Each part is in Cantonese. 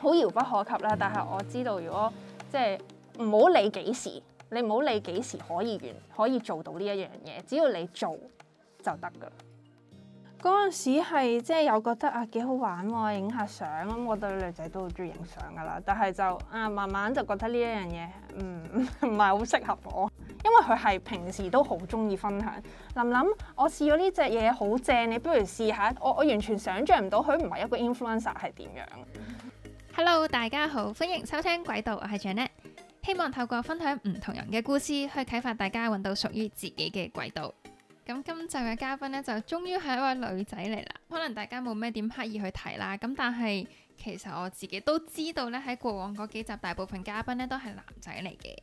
好遙不可及啦，但係我知道，如果即係唔好理幾時，你唔好理幾時可以完，可以做到呢一樣嘢，只要你做就得噶。嗰陣時係即係有覺得啊幾好玩喎，影下相咁，我對女仔都好中意影相噶啦。但係就啊，慢慢就覺得呢一樣嘢唔唔係好適合我，因為佢係平時都好中意分享。林林，我試咗呢隻嘢好正，你不如試下。我我完全想象唔到佢唔係一個 influencer 係點樣。Hello，大家好，歡迎收聽軌道，我係 Janet，希望透過分享唔同人嘅故事，去啟發大家揾到屬於自己嘅軌道。咁今集嘅嘉賓呢，就終於係一位女仔嚟啦，可能大家冇咩點刻意去睇啦。咁但係其實我自己都知道呢，喺過往嗰幾集，大部分嘉賓呢都係男仔嚟嘅，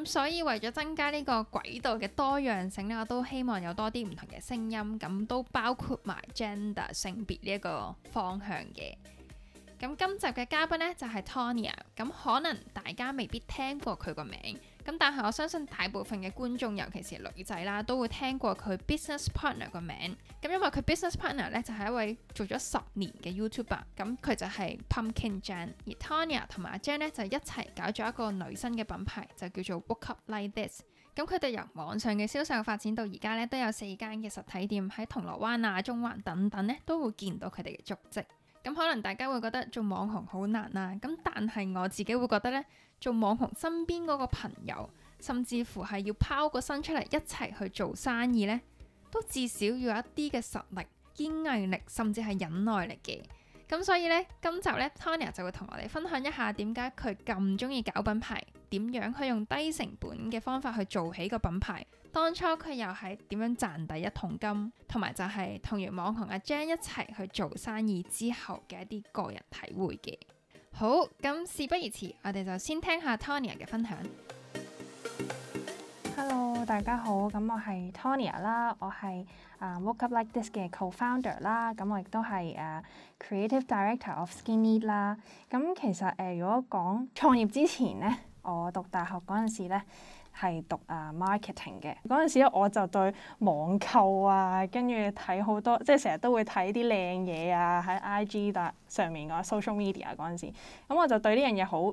咁所以為咗增加呢個軌道嘅多樣性呢，我都希望有多啲唔同嘅聲音，咁都包括埋 gender 性別呢一個方向嘅。咁今集嘅嘉賓呢，就係、是、Tawnia，咁可能大家未必聽過佢個名，咁但係我相信大部分嘅觀眾，尤其是女仔啦，都會聽過佢 business partner 個名，咁因為佢 business partner 呢，就係、是、一位做咗十年嘅 YouTuber，咁佢就係 Pumpkin Jenn，而 Tawnia 同埋阿 Jenn 呢就一齊搞咗一個女生嘅品牌，就叫做 Woke Up Like This，咁佢哋由網上嘅銷售發展到而家呢，都有四間嘅實體店喺銅鑼灣啊、中環等等呢，都會見到佢哋嘅足跡。咁可能大家會覺得做網紅好難啊，咁但係我自己會覺得呢，做網紅身邊嗰個朋友，甚至乎係要拋個身出嚟一齊去做生意呢，都至少要有一啲嘅實力、堅毅力，甚至係忍耐力嘅。咁所以呢，今集呢，Tawnia 就會同我哋分享一下點解佢咁中意搞品牌，點樣去用低成本嘅方法去做起個品牌。當初佢又係點樣賺第一桶金，同埋就係同網紅阿 Jenn 一齊去做生意之後嘅一啲個人體會嘅。好，咁事不宜遲，我哋就先聽下 Tawnia 嘅分享。Hello，大家好，咁我係 Tawnia 啦，我係啊 Woke Up Like This 嘅 Co-founder 啦，咁我亦都係誒 Creative Director of Skinny 啦。咁其實誒、呃，如果講創業之前咧，我讀大學嗰陣時咧。係讀啊 marketing 嘅嗰陣時咧，我就對網購啊，跟住睇好多，即係成日都會睇啲靚嘢啊，喺 IG 上面個 social media 嗰陣時，咁我就對呢樣嘢好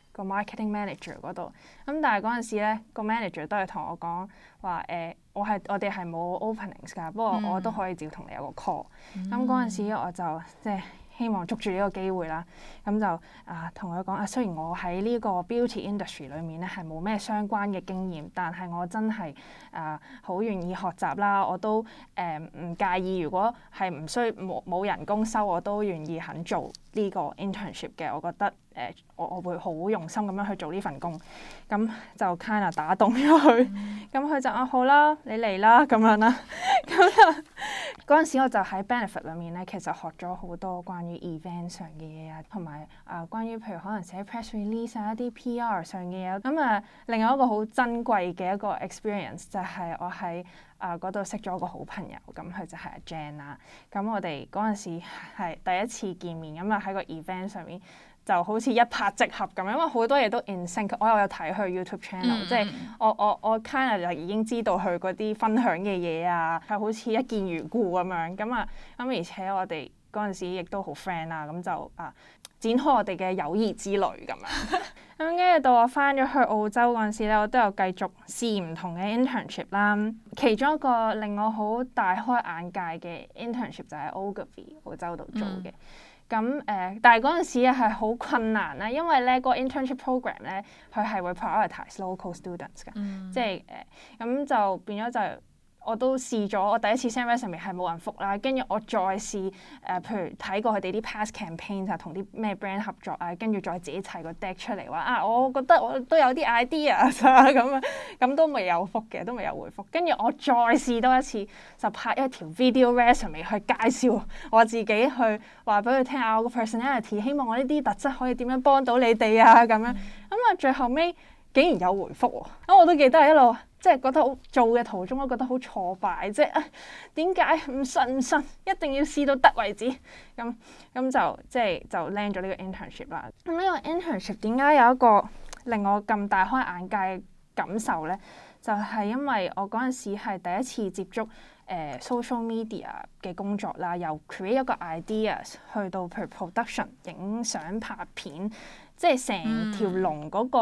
個 marketing manager 嗰度，咁、嗯、但係嗰陣時咧，個 manager 都係同我講話誒，我係我哋係冇 openings 㗎，不過我都可以照同你有個 call。咁嗰陣時我就即係、就是、希望捉住呢個機會啦，咁就啊同佢講啊，雖然我喺呢個 beauty industry 裡面咧係冇咩相關嘅經驗，但係我真係啊好願意學習啦，我都誒唔、呃、介意如果係唔需冇冇人工收我都願意肯做。呢個 internship 嘅，我覺得誒、呃，我我會好用心咁樣去做呢份工，咁就 kinda 打動咗佢，咁佢、mm hmm. 嗯、就啊好啦，你嚟啦咁樣啦，咁就嗰陣時我就喺 benefit 裏面咧，其實學咗好多關於 event 上嘅嘢啊，同埋啊關於譬如可能寫 press release、啊、一啲 PR 上嘅嘢，咁啊另外一個好珍貴嘅一個 experience 就係我喺。啊，嗰度、uh, 識咗個好朋友，咁佢就係阿 Jane 啦。咁、嗯、我哋嗰陣時係第一次見面，咁啊喺個 event 上面就好似一拍即合咁樣，因為好多嘢都 in sync、嗯。我又有睇佢 YouTube channel，即係我我我 kind of 就已經知道佢嗰啲分享嘅嘢啊，係好似一見如故咁樣。咁、嗯、啊，咁、嗯、而且我哋嗰陣時亦都好 friend 啦、嗯，咁就啊、呃、展開我哋嘅友誼之旅咁樣。 咁跟住到我翻咗去澳洲嗰陣時咧，我都有繼續試唔同嘅 internship 啦。其中一個令我好大開眼界嘅 internship 就喺 Ogilvy 澳洲度做嘅。咁誒、嗯嗯，但係嗰陣時係好困難啦，因為咧、嗰個 internship program 咧，佢係會 prioritize local students 噶，嗯、即係誒，咁、嗯、就變咗就是。我都試咗，我第一次 send resume 係冇人復啦。跟住我再試誒、呃，譬如睇過佢哋啲 past campaign 就同啲咩 brand 合作啊。跟住再自己砌個 deck 出嚟話啊，我覺得我都有啲 idea 啦咁啊，咁都未有復嘅，都未有回復。跟住我再試多一次，就拍一條 video resume 去介紹我自己，去話俾佢聽啊，我個 personality，希望我呢啲特質可以點樣幫到你哋啊咁樣。咁啊，最後尾竟然有回覆喎！啊，我都記得係一路。即係覺得好做嘅途中，我覺得好挫敗，即係啊，點解唔信唔信？一定要試到得為止。咁、嗯、咁、嗯、就即係就 land 咗呢個 internship 啦。咁、嗯、呢、呢個 internship 點解有一個令我咁大開眼界嘅感受呢？就係、是、因為我嗰陣時係第一次接觸誒、呃、social media 嘅工作啦，由 create 一個 ideas 去到譬如 production 影相拍片，即係成條龍嗰、那個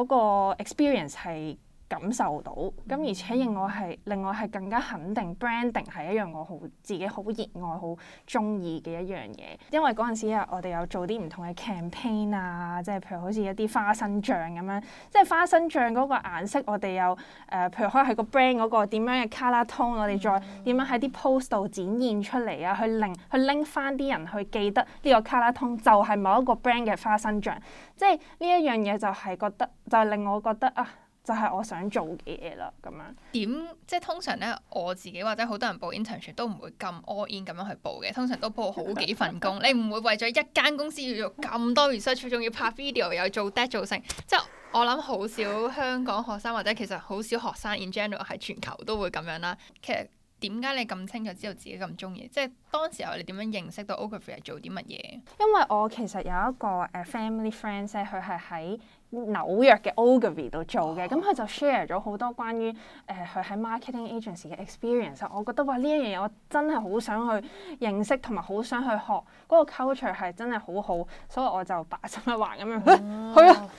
嗰、mm. 那個 experience 係。那個 ex 感受到，咁而且令我係令我係更加肯定、mm. branding 係一樣我好自己好熱愛、好中意嘅一樣嘢。因為嗰陣時啊，我哋有做啲唔同嘅 campaign 啊，即係譬如好似一啲花生醬咁樣，即係花生醬嗰個顏色我，我哋有誒，譬如可能係個 brand 嗰、嗰個點樣嘅 color tone，我哋再點、mm. 樣喺啲 post 度展現出嚟啊，去令去拎翻啲人去記得呢個 color tone 就係某一個 brand 嘅花生醬。即係呢一樣嘢就係覺得，就係、令我覺得啊。就係我想做嘅嘢啦，咁樣點？即係通常咧，我自己或者好多人報 internship 都唔會咁 all in 咁樣去報嘅，通常都報好幾份工， 你唔會為咗一間公司要做咁多 research，仲要拍 video 又做 dead 做成， 即係我諗好少香港學生或者其實好少學生 in general 喺全球都會咁樣啦。其實點解你咁清楚知道自己咁中意？即係當時候你點樣認識到 ography 係做啲乜嘢？因為我其實有一個誒 family friend 咧，佢係喺。紐約嘅 Ogilvy 度做嘅，咁佢、oh. 嗯、就 share 咗好多關於誒佢、呃、喺 marketing agency 嘅 experience。我覺得哇，呢一樣嘢我真係好想去認識，同埋好想去學嗰、那個 culture 係真係好好，所以我就把心一橫咁樣去。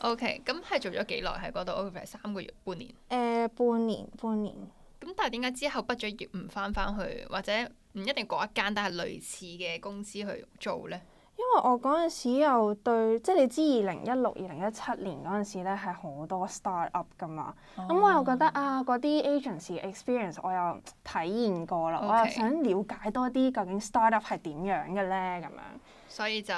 O K，咁係做咗幾耐喺嗰度 Ogilvy 三個月、半年？誒，uh，半年，半年。咁但係點解之後畢咗業唔返返去，或者唔一定嗰一間，但係類似嘅公司去做咧？因為我嗰陣時又對，即係你知二零一六、二零一七年嗰陣時咧係好多 start up 噶嘛，咁、oh. 我又覺得啊，嗰啲 agency experience 我又體驗過啦，Okay. 我又想了解多啲究竟 start up 係點樣嘅咧咁樣。所以就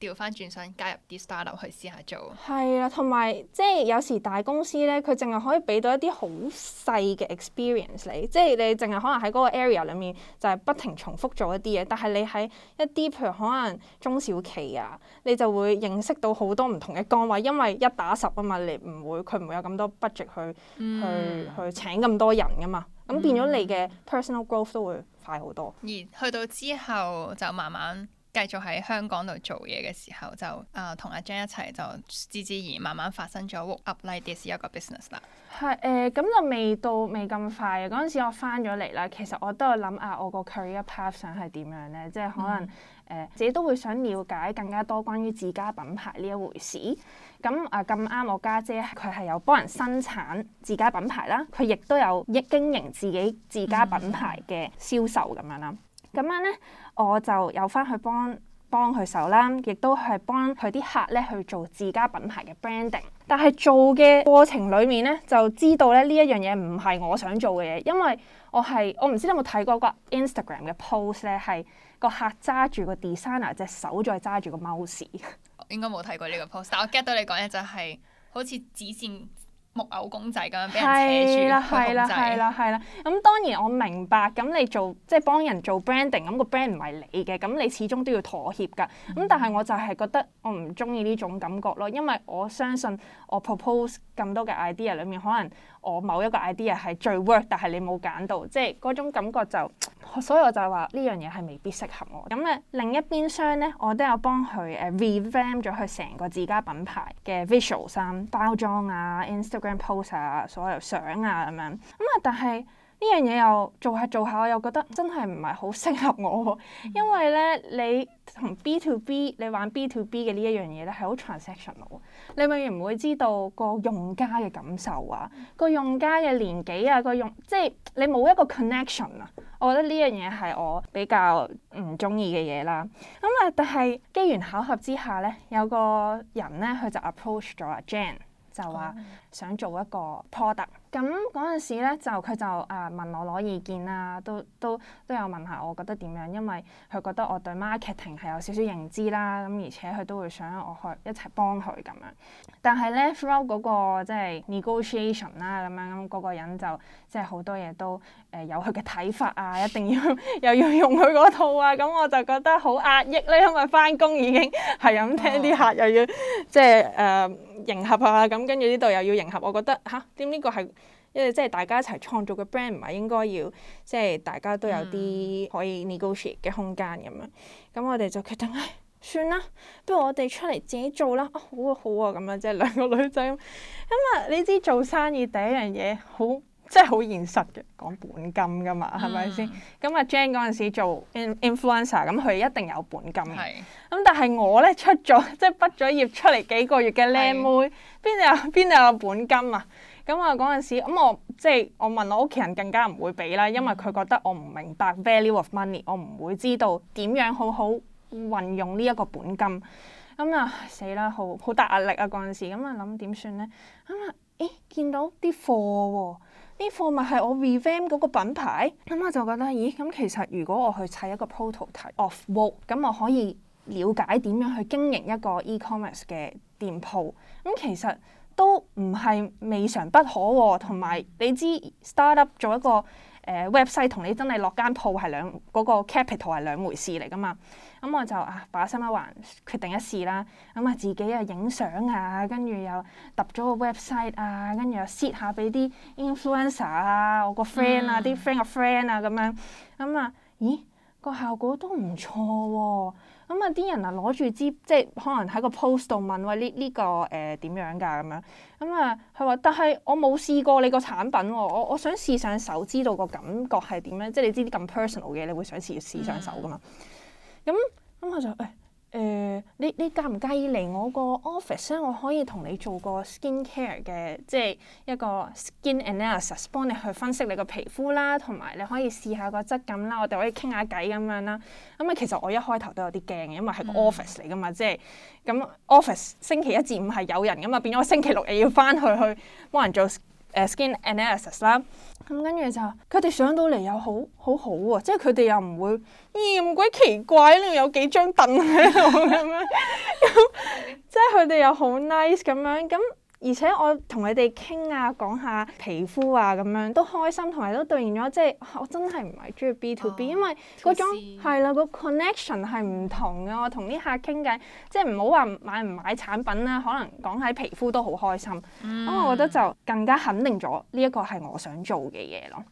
調翻轉，身，加入啲 startup 去試下做。係啊，同埋即係有時大公司咧，佢淨係可以俾到一啲好細嘅 experience 你，即係你淨係可能喺嗰個 area 裏面就係不停重複做一啲嘢。但係你喺一啲譬如可能中小企啊，你就會認識到好多唔同嘅崗位，因為一打十啊嘛，你唔會，佢唔會有咁多 budget 去、嗯、去去請咁多人噶嘛。咁變咗你嘅 personal growth 都會快好多。嗯、而去到之後就慢慢。繼續喺香港度做嘢嘅時候，就誒同阿 Jenn 一齊就自自然然慢慢發生咗 woke up like this 一個 business 啦。係誒，咁、呃、就未到未咁快嘅嗰陣時，我翻咗嚟啦。其實我都有諗下我個 career path 想係點樣咧？即係可能誒、嗯呃，自己都會想了解更加多關於自家品牌呢一回事。咁啊咁啱，我家姐佢係有幫人生產自家品牌啦，佢亦都有一經營自己自家品牌嘅銷售咁、嗯、樣啦。咁樣咧，我就有返去幫幫佢手啦，亦都係幫佢啲客咧去做自家品牌嘅 branding。但係做嘅過程裡面咧，就知道咧呢一樣嘢唔係我想做嘅嘢，因為我係我唔知你有冇睇過個 Instagram 嘅 post 咧，係個客揸住個 designer 隻手再揸住個 mouse，應該冇睇過呢個 post，但我 get 到你講嘢就係、是、好似指線。木偶公仔咁樣俾人扯住，係啦，係啦，係啦控制，係啦。咁、嗯、當然我明白，咁你做即係幫人做 branding，咁個 brand 唔係你嘅，咁你始終都要妥協㗎。咁、嗯、但係我就係覺得我唔中意呢種感覺咯，因為我相信我 propose 咁多嘅 idea 裏面可能。我某一個 idea 係最 work，但係你冇揀到，即係嗰種感覺就，所以我就話呢樣嘢係未必適合我。咁咧另一邊箱呢，我都有幫佢誒、uh, revamp 咗佢成個自家品牌嘅 visual 衫、啊、包裝啊、Instagram poster 啊、所有相啊咁樣。咁啊，但係。呢樣嘢又做下做下，我又覺得真係唔係好適合我喎。因為咧，你同 B two B，你玩 B two B 嘅呢一樣嘢咧，係好 transactional，你永遠唔會知道個用家嘅感受啊，個用家嘅年紀啊，個用即係你冇一個 connection 啊。我覺得呢樣嘢係我比較唔中意嘅嘢啦。咁、嗯、啊，但係機緣巧合之下咧，有個人咧，佢就 approach 咗阿 Jenn，就話、哦、想做一個 product。咁嗰陣時咧，就佢就誒、呃、問我攞意見啦，都都都有問下我覺得點樣，因為佢覺得我對 marketing 係有少少認知啦，咁而且佢都會想我去一齊幫佢咁樣。但係咧 flow 嗰個即係 negotiation 啦，咁樣咁嗰個人就即係好多嘢都誒有佢嘅睇法啊，一定要 又要用佢嗰套啊，咁我就覺得好壓抑咧，因為翻工已經係咁聽啲客又要、oh. 即係誒、呃、迎合啊，咁跟住呢度又要迎合，我覺得吓點呢個係？因為即係大家一齊創造嘅 brand，唔係應該要即係大家都有啲可以 negotiate 嘅空間咁樣，咁我哋就決定唉、哎、算啦，不如我哋出嚟自己做啦。啊好啊好啊咁啊，即係兩個女仔咁。咁、嗯、啊你知做生意第一樣嘢好即係好現實嘅，講本金㗎嘛係咪先？咁啊 Jenn 嗰陣時做 influencer，咁、嗯、佢一定有本金嘅。咁是、嗯、但係我咧出咗即係畢咗業出嚟幾個月嘅僆妹，邊是有邊有，有本金啊？咁啊嗰陣時，咁、嗯、我即係我問我屋企人更加唔會俾啦，因為佢覺得我唔明白 value of money，我唔會知道點樣好好運用呢一個本金。咁啊死啦，好好大壓力啊嗰陣時。咁啊諗點算呢？咁、嗯、啊，誒、欸、見到啲貨喎，啲貨咪係我 revamp 嗰個品牌。咁、嗯、我就覺得，咦？咁、嗯、其實如果我去砌一個 prototype of work，咁、嗯、我可以了解點樣去經營一個 e-commerce 嘅店鋪。咁、嗯、其實都唔係未嘗不可喎、哦，同埋你知 start up 做一個誒 website 同你真係落間鋪係兩嗰、嗰個 capital 係兩回事嚟㗎嘛？咁我就啊把心一橫，決定一試啦。咁、嗯、啊自己啊影相啊，跟住又揼咗個 website 啊，跟住又 set 下俾啲 influencer 啊，我個 friend 啊，啲 friend 個 friend 啊咁樣。咁、嗯、啊，咦個效果都唔錯喎、哦。咁啊！啲人啊攞住支即係可能喺個 post 度問：「喂，喂呢呢個誒點，呃，樣㗎？」咁樣，咁啊，佢話：「但係我冇試過你個產品喎、哦。」我我想試上手，知道個感覺係點樣。即係你知啲咁 personal 嘅，你會想試試上手㗎嘛？咁咁我就誒。哎誒、呃，你你介唔介意嚟我個 office 咧？我可以同你做個 skin care 嘅，即係一個 skin analysis 幫你去分析你個皮膚啦，同埋你可以試下個質感啦。我哋可以傾下偈咁樣啦。咁、嗯、啊，嗯、其實我一開頭都有啲驚嘅，因為係個 office 嚟噶嘛，即係咁 office 星期一至五係有人噶嘛，變咗星期六日又要翻去去幫人做。誒、uh, skin analysis 啦，咁跟住就佢哋上到嚟又好好好啊，即係佢哋又唔會嫌、 欸、鬼奇怪，呢度有幾張凳喺度咁樣，咁即係佢哋又好 nice 咁樣。咁。而且我同你哋傾啊，講下皮膚啊，咁樣都開心，同埋都對應咗，即係我真係唔係中意 B to B，oh, 因為嗰種係啦，個 to see. connection 係唔同嘅。我同啲客傾偈，即係唔好話買唔買產品啦，可能講喺皮膚都好開心，因為，mm. 我覺得就更加肯定咗呢一個係我想做嘅嘢咯。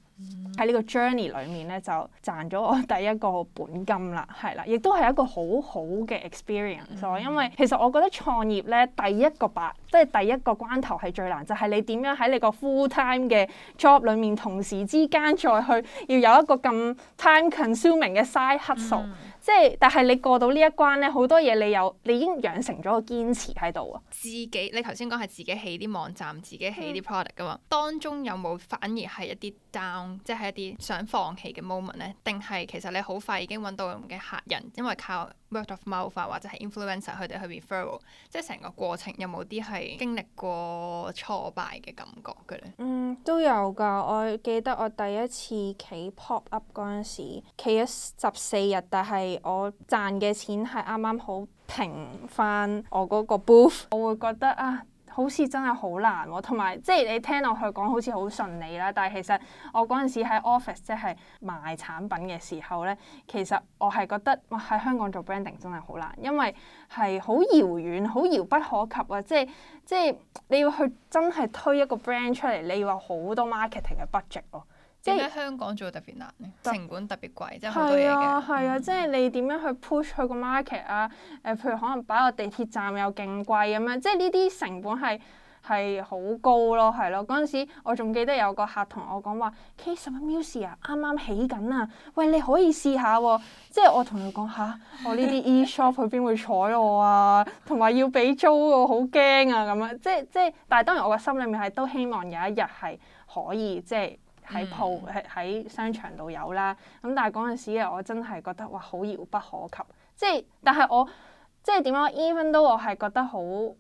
喺呢、mm hmm. 個 journey 裏面咧，就賺咗我第一個本金啦，係啦，亦都係一個好好嘅 experience 咯、mm。Hmm. 因為其實我覺得創業咧，第一個百，即係第一個關頭係最難，就係、是、你點樣喺你個 full time 嘅 job 裏面同時之間再去要有一個咁 time consuming 嘅 side hustle、mm。Hmm. 即係但係你過到呢一關咧，好多嘢你有，你已經養成咗個堅持喺度啊。自己你頭先講係自己起啲網站，自己起啲 product 噶嘛、mm，hmm. 當中有冇反而係一啲？爭即係一啲想放棄嘅 moment 咧，定係其實你好快已經揾到咁嘅客人，因為靠 word of mouth、啊、或者係 influencer 佢哋去 referral，即係成個過程有冇啲係經歷過挫敗嘅感覺嘅咧？嗯，都有㗎。我記得我第一次企 pop up 嗰陣時，企咗十四日，但係我賺嘅錢係啱啱好平翻我嗰個 booth 我會覺得啊～好似真係好難喎，同埋即係你聽落去講好似好順利啦，但係其實我嗰陣時喺 office 即係賣產品嘅時候咧，其實我係覺得哇喺香港做 branding 真係好難，因為係好遙遠、好遙不可及啊！即係即係你要去真係推一個 brand 出嚟，你要有好多 marketing 嘅 budget 喎。即係香港做特別難咧，成本特別貴，即係好多嘢嘅。係啊，係啊，嗯、即係你點樣去 push 佢個 market 啊？誒、呃，譬如可能擺個地鐵站又勁貴咁樣，即係呢啲成本係係好高咯，係咯。嗰陣時我仲記得有個客同我講話，K Sub、um、Music 啊，啱啱起緊啊，喂，你可以試下喎、啊。即係我同佢講下：「我呢啲 e shop 佢邊會採我啊？同埋要俾租我，好驚啊！咁、啊、樣即係即係，但係當然我個心裡面係都希望有一日係可以即係。喺鋪喺喺商場度有啦，咁、嗯、但係嗰陣時嘅我真係覺得哇好遙不可及，即係但係我即係點樣 even 都我係覺得好誒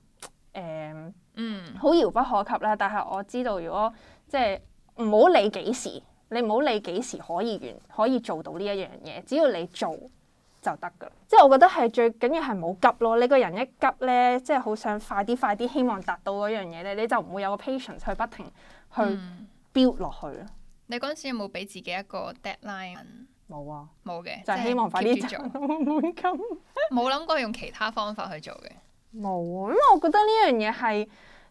嗯好遙不可及啦，但係我知道如果即係唔好理幾時，你唔好理幾時可以完可以做到呢一樣嘢，只要你做就得噶啦，即係我覺得係最緊要係冇急咯。你個人一急呢，即係好想快啲快啲希望達到嗰樣嘢呢，你就唔會有個 patience 去不停去 build 落去。嗯你嗰陣時有冇俾自己一個 deadline？冇啊，冇嘅，就係希望快啲做。唔會咁，冇諗過用其他方法去做嘅。冇啊，因為我覺得呢樣嘢係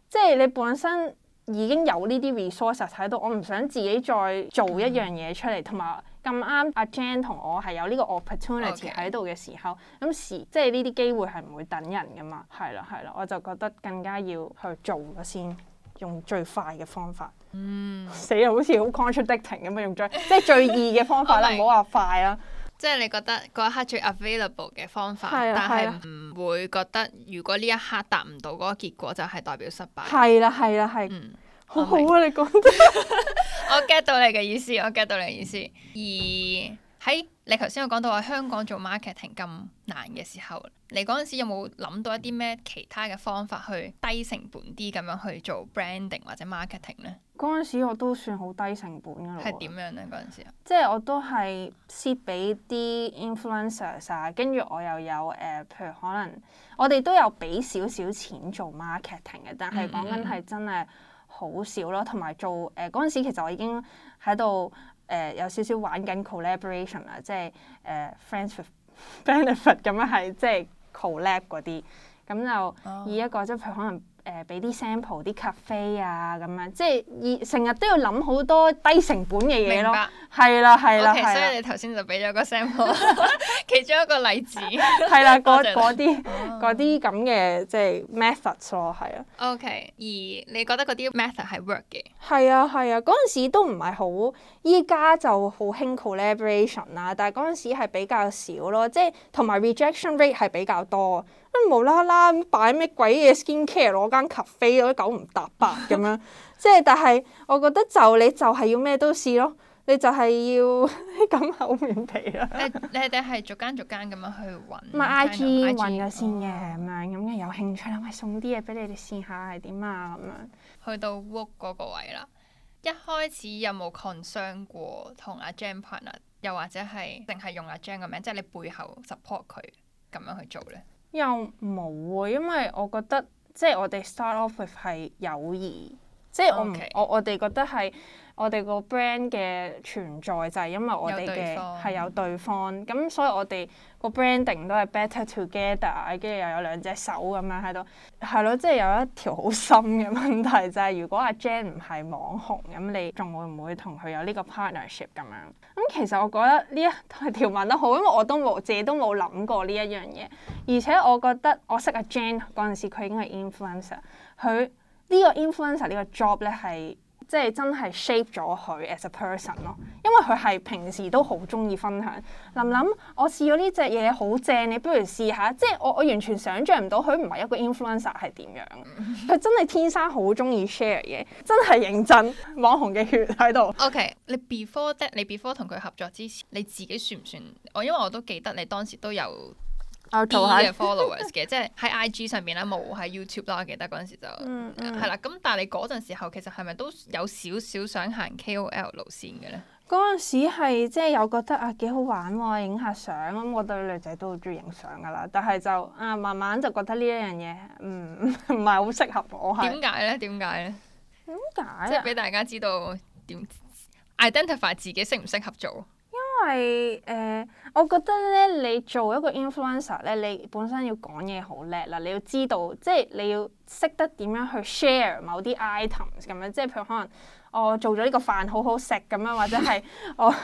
即係你本身已經有呢啲 resource 喺度，我唔想自己再做一樣嘢出嚟。同埋咁啱阿 Jane 同我係有呢個 opportunity 喺度嘅時候，咁時即係呢啲機會係唔會等人噶嘛？係啦，係啦，我就覺得更加要去做咗先。用最快嘅方法，嗯，死又好似好 contradicting 咁啊！用最即係最易嘅方法啦，唔好話快啦，即係你覺得嗰一刻最 available 嘅方法，啊、但係唔會覺得如果呢一刻達唔到嗰個結果，就係代表失敗，係啦、啊，係啦、啊，係、啊，嗯、好好啊！ 你講得， 我 get 到你嘅意思，我 get 到你嘅意思。而喺你頭先我講到話香港做 marketing 咁難嘅時候。你嗰陣時有冇諗到一啲咩其他嘅方法去低成本啲咁樣去做 branding 或者 marketing 咧？嗰陣時我都算好低成本噶啦。係點樣咧？嗰陣時啊，即係我都係蝕俾啲 influencers 啊，跟住我又有誒、呃，譬如可能我哋都有俾少少錢做 marketing 嘅，但係講緊係真係好少咯。同埋、嗯、做誒嗰陣時，其實我已經喺度誒有少少玩緊 collaboration 啊，即係誒、呃、friends with benefit 咁樣係即係。collab 嗰啲，咁就以一個，即係譬如可能。誒俾啲 sample 啲咖啡啊咁樣，即係成日都要諗好多低成本嘅嘢咯。係白啦，係啦。OK 啦，所以你頭先就俾咗個 sample， 其中一個例子。係 啦，嗰啲嗰啲咁嘅即係 methods 咯，係啊。OK，而你覺得嗰啲 method 係 work 嘅？係啊，係啊，嗰陣時都唔係好，依家就好興 collaboration 啦，但係嗰陣時係比較少咯，即係同埋 rejection rate 係比較多。即係無啦啦咁擺咩鬼嘢 skin care 攞間 cafe，啲九唔搭八咁樣。即係但係我覺得就你就係要咩都試咯，你就係要咁厚面皮啦。 你哋係逐間逐間咁樣去揾。咪 I G 揾咗先嘅咁樣，咁嘅、哦、有興趣，咪送啲嘢俾你哋試下係點啊咁樣。去到 WULT 嗰個位啦，一開始有冇 concern 過同阿 Jenn partner，又或者係淨係用阿 Jenn 個名，即係你背後 support 佢咁樣去做咧？又冇喎，因為我覺得即係我哋 start off with 係友誼。即係我唔 Okay.，我我哋覺得係我哋個 brand 嘅存在就係因為我哋嘅係有對方，咁所以我哋個 branding 都係 better together，跟住又有兩隻手咁樣喺度，係咯，即係有一條好深嘅問題就係，如果阿 Jenn 唔係網紅，咁你仲會唔會同佢有呢個 partnership 咁樣？咁其實我覺得呢一條問得好，因為我都冇，自己都冇諗過呢一樣嘢，而且我覺得我識阿 Jenn 嗰陣時，佢已經係 influencer，佢。呢個 influencer 呢個 job 咧，係即係真係 shape 咗佢 as a person 咯，因為佢係平時都好中意分享。林林，我試咗呢隻嘢好正，你不如試下。即係我我完全想象唔到佢唔係一個 influencer 係點樣，佢真係天生好中意 share 嘢，真係認真。網紅嘅血喺度。OK，你 before that，你 before 同佢合作之前，你自己算唔算？我因為我都記得你當時都有。I G 嘅 followers 嘅， 即係喺 I G 上邊啦，冇喺 YouTube 啦。我記得嗰陣時就係啦。咁但係你嗰陣時候，其實係咪都有少少想行 K O L 路線嘅咧？嗰陣時係即係有覺得啊，幾好玩喎，哦，影下相咁。我對女仔都好中意影相噶啦。但係就啊，慢慢就覺得呢一樣嘢唔唔係好適合我。點解咧？點解咧？點解？即係俾大家知道點 identify 自己適唔適合做？因為誒、呃，我覺得咧，你做一個 influencer 咧，你本身要講嘢好叻啦，你要知道，即係你要識得點樣去 share 某啲 items 咁樣，即係譬如可能我做咗呢個飯好好食咁樣，或者係我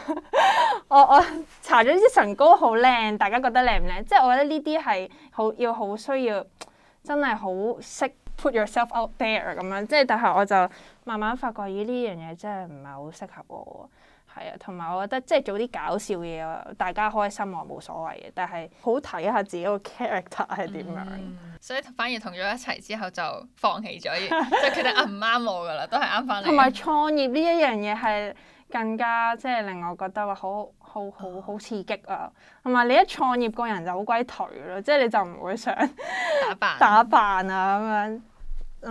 我我搽咗啲唇膏好靚，大家覺得靚唔靚？即係我覺得呢啲係好要好需要，真係好識 put yourself out there 咁樣。即係但係我就慢慢發覺，咦呢樣嘢真係唔係好適合我。係啊，同埋我覺得即係做啲搞笑嘢，大家開心我冇所謂嘅。但係好睇下自己個 character 係點樣、嗯。所以反而同咗一齊之後就放棄咗， 即係覺得啱唔啱我噶啦，都係啱翻嚟。同埋創業呢一樣嘢係更加即係令我覺得話好好好好刺激啊！同埋你一創業個人就好鬼頹咯，即係你就唔會想打扮打扮啊咁樣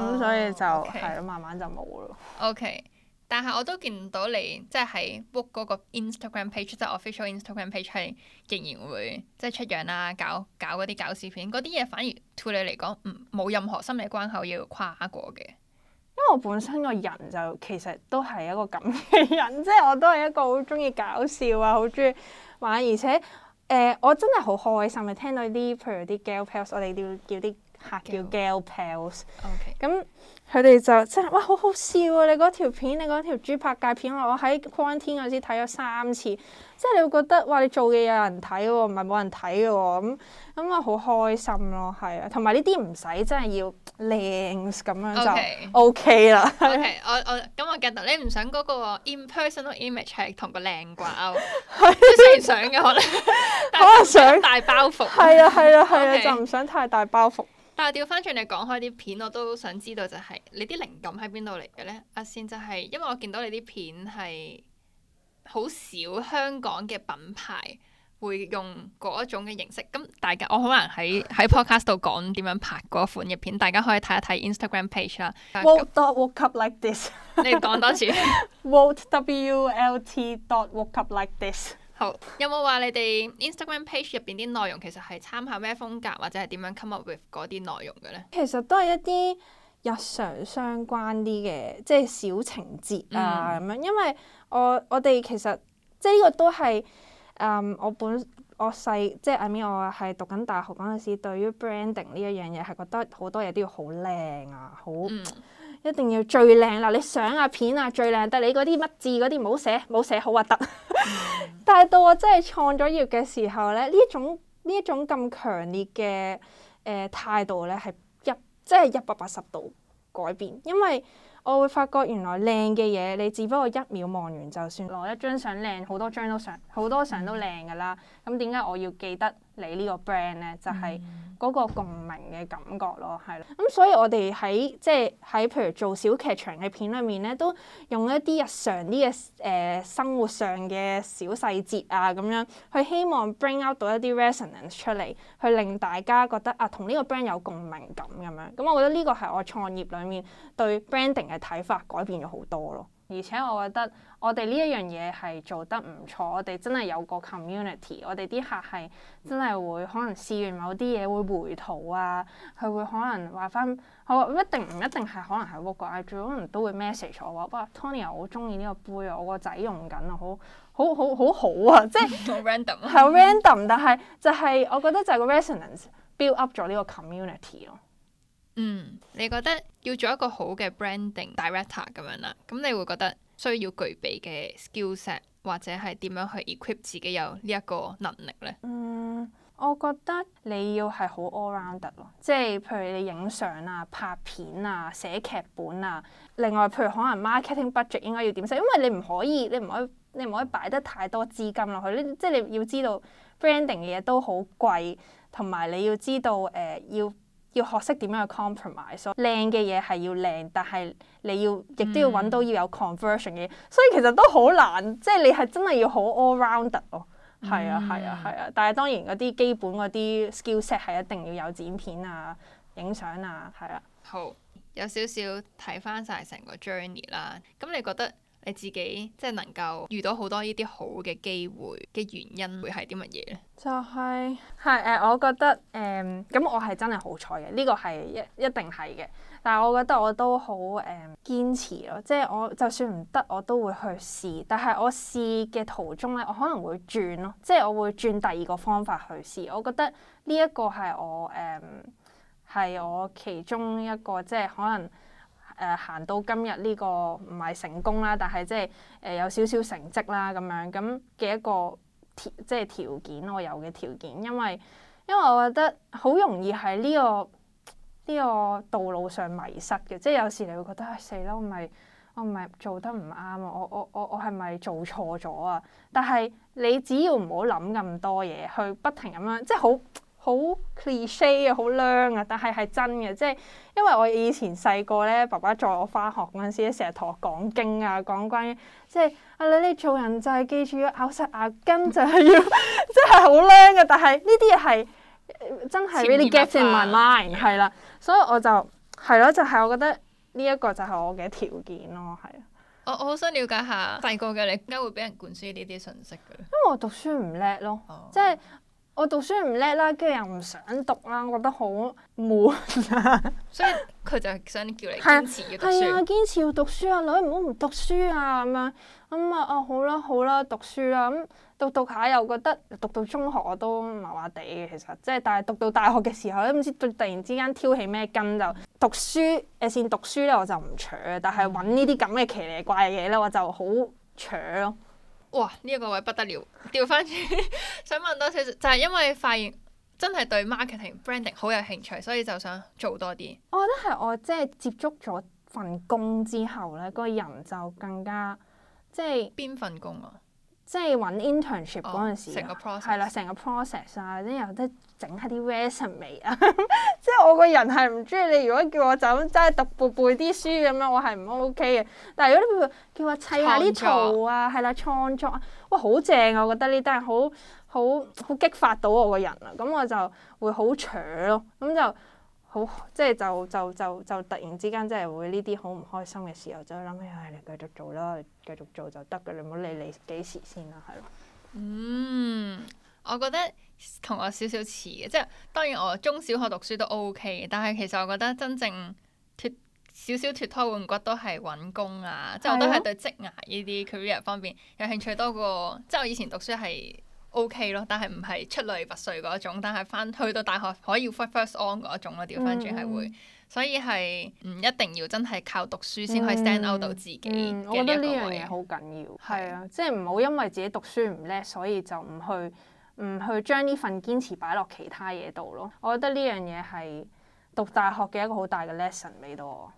咁，oh, 所以就係咯 okay.，慢慢就冇咯。OK。但係我都見到你即係 book 嗰個 Inst page, Instagram page，即係 official Instagram page，係仍然會即係出樣啦、啊，搞搞嗰啲搞笑片，嗰啲嘢反而對你嚟講，唔冇任何心理關口要跨過嘅。因為我本身個人就其實都係一個咁嘅人，即係我都係一個好中意搞笑啊，好中意玩，而且誒、呃，我真係好開心啊！聽到啲譬如啲 girl pals，我哋叫叫啲客 Girl. 叫 girl pals，OK，Okay .咁、嗯。佢哋就真係哇，好好笑啊！你嗰條片，你嗰條豬拍界片，我喺 quarantine 嗰陣時睇咗三次，即係你會覺得哇，你做嘅嘢有人睇喎，唔係冇人睇嘅喎，咁咁啊好開心咯，係啊，同埋呢啲唔使真係要靚咁樣就 OK 啦。OK，我我咁我記得你唔想嗰個 impersonal image 同個靚掛鈎，都雖然想嘅可能，但係太想大包袱。係啊係啊係啊，就唔想太大包袱。但係調翻轉嚟講開啲片，我都想知道就係、是、你啲靈感喺邊度嚟嘅咧？阿先就係、是、因為我見到你啲片係好少香港嘅品牌會用嗰一種嘅形式，咁、嗯、大家我好難喺喺 podcast 度講點樣拍嗰款嘅片，大家可以睇一睇 Instagram page 啦 World.、啊。WULT woke up like this。 你講多次。 WULT W L T dot woke up like this。好，有冇話你哋 Instagram page 入邊啲內容其實係參考咩風格或者係點樣 come up with 嗰啲內容嘅咧？其實都係一啲日常相關啲嘅，即係小情節啊咁樣。嗯、因為我我哋其實即係呢個都係誒、嗯，我本我細即係 I mean，我係讀緊大學嗰陣時，對於 branding 呢一樣嘢係覺得好多嘢都要好靚啊，好。嗯一定要最靚啦！你相啊片啊最靚得，但你嗰啲乜字嗰啲唔好寫，唔好寫好核、啊、突。 但係到我真係創咗業嘅時候咧，呢一種呢一種咁強烈嘅誒、呃、態度咧，係一即係一百八十度改變，因為我會發覺原來靚嘅嘢，你只不過一秒望完就算。攞一張相靚，好多張都相好多相都靚㗎啦。咁點解我要記得？你呢個 brand 咧，就係、是、嗰個共鳴嘅感覺咯，係咯。咁、嗯、所以我哋喺即係喺譬如做小劇場嘅片裏面咧，都用一啲日常啲嘅誒生活上嘅小細節啊，咁樣去希望 bring out 到一啲 resonance 出嚟，去令大家覺得啊，同呢個 brand 有共鳴感咁樣。咁、嗯、我覺得呢個係我創業裏面對 branding 嘅睇法改變咗好多咯。而且我覺得我哋呢一樣嘢係做得唔錯，我哋真係有個 community，我哋啲客係真係會可能試完某啲嘢會回頭啊，佢會可能話翻，我話一定唔一定係可能係僕個，最可能都會 message 我話哇 Tony 啊，我好中意呢個杯啊，我個仔用緊啊，好好好好好啊，即係 random 係 random，但係就係、是、我覺得就係個 resonance build up 咗呢個 community 咯。嗯，你覺得要做一個好嘅 branding director 咁樣啦，咁你會覺得需要具備嘅 skill set 或者係點樣去 equip 自己有呢一個能力呢？嗯，我覺得你要係好 all round 即係譬如你影相啊、拍片啊、寫劇本啊，另外譬如可能 marketing budget 應該要點寫，因為你唔可以，你唔可以，你唔可以擺得太多資金落去，即係你要知道 branding 嘅嘢都好貴，同埋你要知道誒、呃、要。要學識點樣去 compromise 咯，靚嘅嘢係要靚，但係你要亦都要揾到要有 conversion 嘅，所以其實都好難，即係你係真係要好 all rounder 咯。係啊，係啊，係啊，啊，但係當然嗰啲基本嗰啲 skill set 係一定要有剪片啊、影相啊，係啊，好，有少少睇翻晒成個 journey 啦，咁你覺得？你自己即係能夠遇到好多呢啲好嘅機會嘅原因，會係啲乜嘢咧？就係係誒，我覺得誒，咁、嗯、我係真係好彩嘅，呢個係一一定係嘅。但係我覺得我都好誒、嗯、堅持咯，即係我就算唔得我都會去試。但係我試嘅途中咧，我可能會轉咯，即係我會轉第二個方法去試。我覺得呢一個係我誒，係、嗯、我其中一個即係可能。誒，行到今日呢個唔係成功啦，但係即係誒有少少成績啦，咁樣，咁嘅一個條即係條件，我有嘅條件，因為因為我覺得好容易喺呢個呢個道路上迷失嘅，即係有時你會覺得啊，死啦，我唔係我唔係做得唔啱啊，我我我我係咪做錯咗啊？但係你只要唔好諗咁多嘢，去不停咁樣即係好。好 cliche 啊，好 lame 啊，但係係真嘅，即係因為我以前細個咧，爸爸載我翻學嗰陣時咧，成日同我講經啊，講關於即係阿女，你做人就係記住要咬實牙根就，就係要即係好 lame 嘅，但係呢啲嘢係真係 really get in my mind 係啦，所以我就係咯，就係、是、我覺得呢一個就係我嘅條件咯，係。我我好想了解下，細個嘅你點解會俾人灌輸呢啲信息嘅？因為我讀書唔叻咯，oh. 即係。我讀書唔叻啦，跟住又唔想讀啦，我覺得好悶 所以佢就係想叫你堅持要讀書。係 啊，堅持要讀書啊，女唔好唔讀書啊，咁樣，咁啊，好啊，好啦，好啦讀書啦、啊、咁讀讀下又覺得讀到中學我都麻麻地嘅，其實即係但係讀到大學嘅時候都唔知突然之間挑起咩筋就讀書誒，先、呃、讀書咧我就唔鋤，但係揾呢啲咁嘅騎呢怪嘅嘢咧我就好鋤。哇！呢個位不得了，調翻轉想問多少少，就係因為發現真係對 marketing、 branding 好有興趣，所以就想做多啲。我覺得係我即係接觸咗份工之後咧，個人就更加即係邊份工啊？即係揾 internship 嗰陣時，係啦、哦，成個，個 process 啊，即係又得整下啲 resume 啊。 即係我個人係唔中意你，如果叫我就咁即係讀背背啲書咁樣，我係唔 OK 嘅。但係如果你如叫我砌一下啲圖啊，係啦作，創作，啊，哇，好正啊！我覺得呢，但係好好好激發到我個人啊，咁我就會好搶咯、啊，咁就。好，即係就就就就突然之間，即係會呢啲好唔開心嘅時候，就諗起，唉、哎，你繼續做啦，你繼續做就得嘅啦，你唔好理你幾時先啦，係咯。嗯，我覺得同我少少似嘅，即係當然我中小學讀書都 OK 嘅，但係其實我覺得真正脫少少脫胎換骨都係揾工啊，啊即係我都係對職涯呢啲 career 方面有興趣多過，即係我以前讀書係。OK 咯，但係唔係出類拔萃嗰種，但係翻去到大學可以 first on 嗰種咯。調翻轉係會，嗯、所以係唔一定要真係靠讀書先可以 stand out 到、嗯、自己、嗯。我覺得呢樣嘢好緊要。係啊，即係唔好因為自己讀書唔叻，所以就唔去唔去將呢份堅持擺落其他嘢度咯。我覺得呢樣嘢係讀大學嘅一個好大嘅 lesson 俾到我。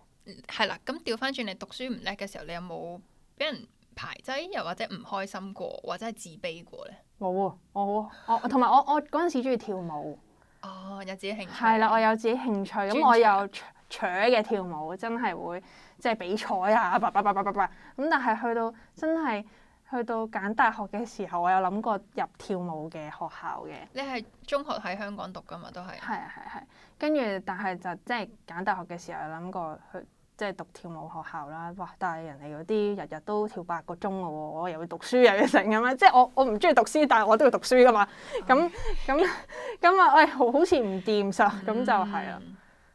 係啦、啊，咁調翻轉你讀書唔叻嘅時候，你有冇俾人？排擠又或者唔開心過，或者係自卑過咧？冇啊，我好我同埋我我嗰陣時中意跳舞啊、哦，有自己興趣。係啦，我有自己興趣，咁程我又鋤嘅跳舞，真係會即係比賽啊，叭叭叭叭叭。咁但係去到真係去到揀大學嘅時候，我有諗過入跳舞嘅學校嘅。你係中學喺香港讀㗎嘛？都係係係係，跟住但係就即係揀大學嘅時候有諗過去。即係讀跳舞學校啦，哇！但係人哋嗰啲日日都跳八個鐘嘅喎，我又要讀書又要成咁樣，即係我我唔中意讀書，但係我都要讀書噶嘛，咁咁咁啊，喂、嗯嗯哎，好似唔掂實，咁、嗯嗯、就係、是、啦。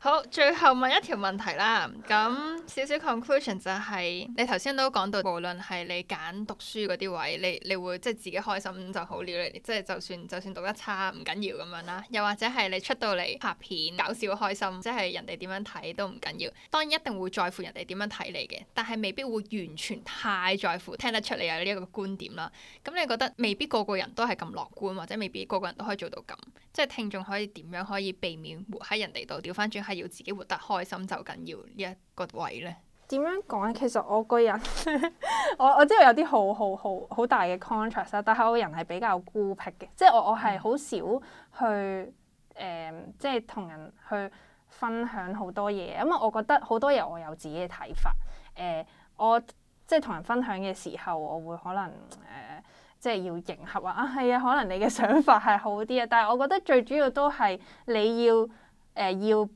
好，最後問一條問題啦。咁少少 conclusion 就係，你頭先都講到，無論係你揀讀書嗰啲位，你你會即係自己開心就好啲啦。你即係就算就算讀得差唔緊要咁樣啦。又或者係你出到嚟拍片搞笑開心，即係人哋點樣睇都唔緊要。當然一定會在乎人哋點樣睇你嘅，但係未必會完全太在乎。聽得出你有呢一個觀點啦。咁你覺得未必個個人都係咁樂觀，或者未必個個人都可以做到咁。即係聽眾可以點樣可以避免活喺人哋度，調翻轉。係要自己活得開心就緊要一個位咧。點樣講？其實我個人， 我我知道我有啲好好好好大嘅 contrast，但係我個人係比較孤僻嘅，即係我我係好少去誒、呃，即係同人去分享好多嘢。因為我覺得好多嘢我有自己嘅睇法。誒、呃，我即係同人分享嘅時候，我會可能誒、呃，即係要迎合話啊，係啊，可能你嘅想法係好啲啊。但係我覺得最主要都係你要誒、呃、要。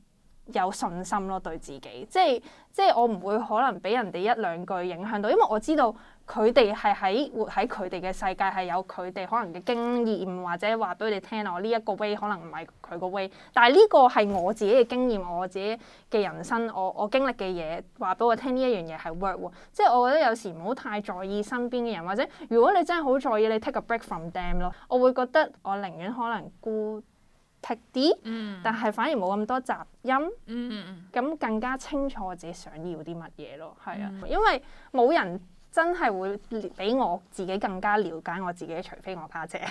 有信心咯，對自己，即係，即係我唔會可能俾人哋一兩句影響到，因為我知道佢哋係喺活喺佢哋嘅世界，係有佢哋可能嘅經驗，或者話俾你聽啊。我呢一個 way 可能唔係佢個 way，但係呢個係我自己嘅經驗，我自己嘅人生，我我經歷嘅嘢話俾我聽，呢一樣嘢係 work 喎。即係我覺得有時唔好太在意身邊嘅人，或者如果你真係好在意，你 take a break from them 咯。我會覺得我寧願可能孤剔啲，D, 但係反而冇咁多雜音，咁、mm hmm. 更加清楚我自己想要啲乜嘢咯，係啊，因為冇人真係會比我自己更加了解我自己，除非我家姐，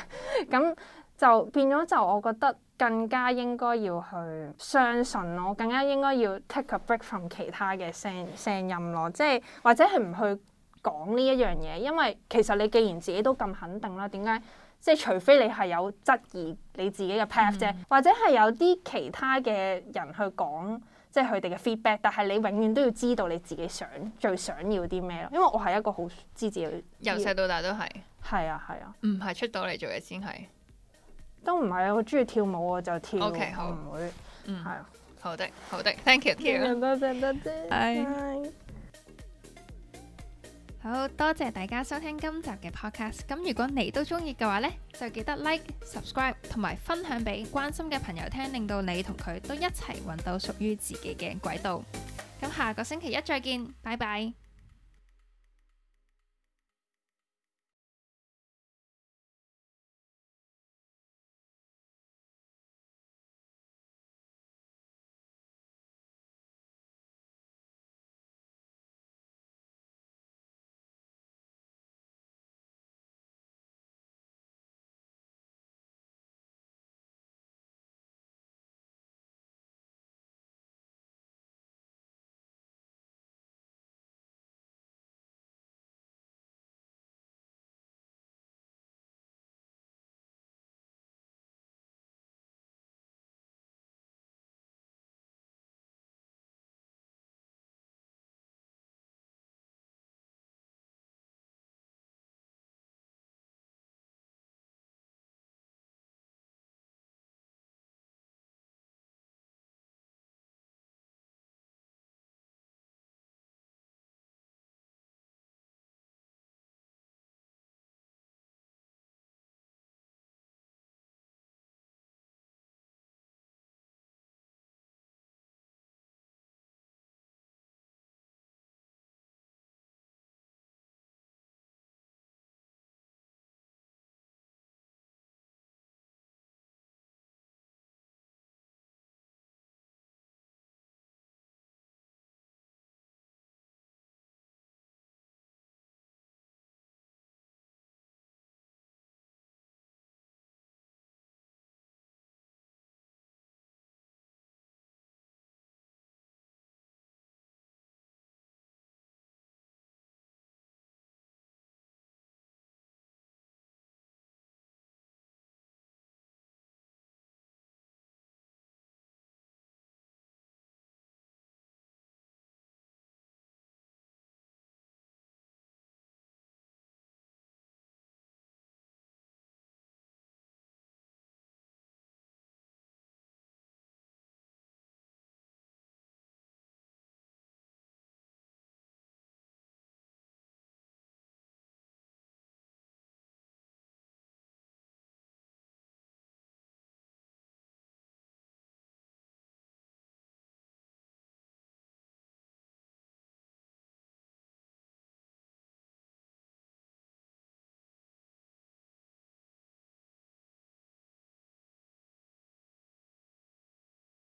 咁 就變咗就我覺得更加應該要去相信咯，更加應該要 take a break from 其他嘅聲聲音咯，即係或者係唔去講呢一樣嘢，因為其實你既然自己都咁肯定啦，點解？即係除非你係有質疑你自己嘅 path 啫、嗯，或者係有啲其他嘅人去講，即係佢哋嘅 feedback。但係你永遠都要知道你自己想最想要啲咩咯。因為我係一個好知自己，由細到大都係係啊係啊，唔係出到嚟做嘢先係都唔係啊！我中意跳舞，我就跳。O、okay, K，好唔會，嗯係啊好，好的好的，thank you，多謝多謝，bye。好多謝大家收聽今集嘅 podcast，咁如果你都中意嘅話呢，就記得 like、subscribe 同埋分享俾關心嘅朋友聽，令到你同佢都一齊揾到屬於自己嘅軌道。咁下個星期一再見，拜拜。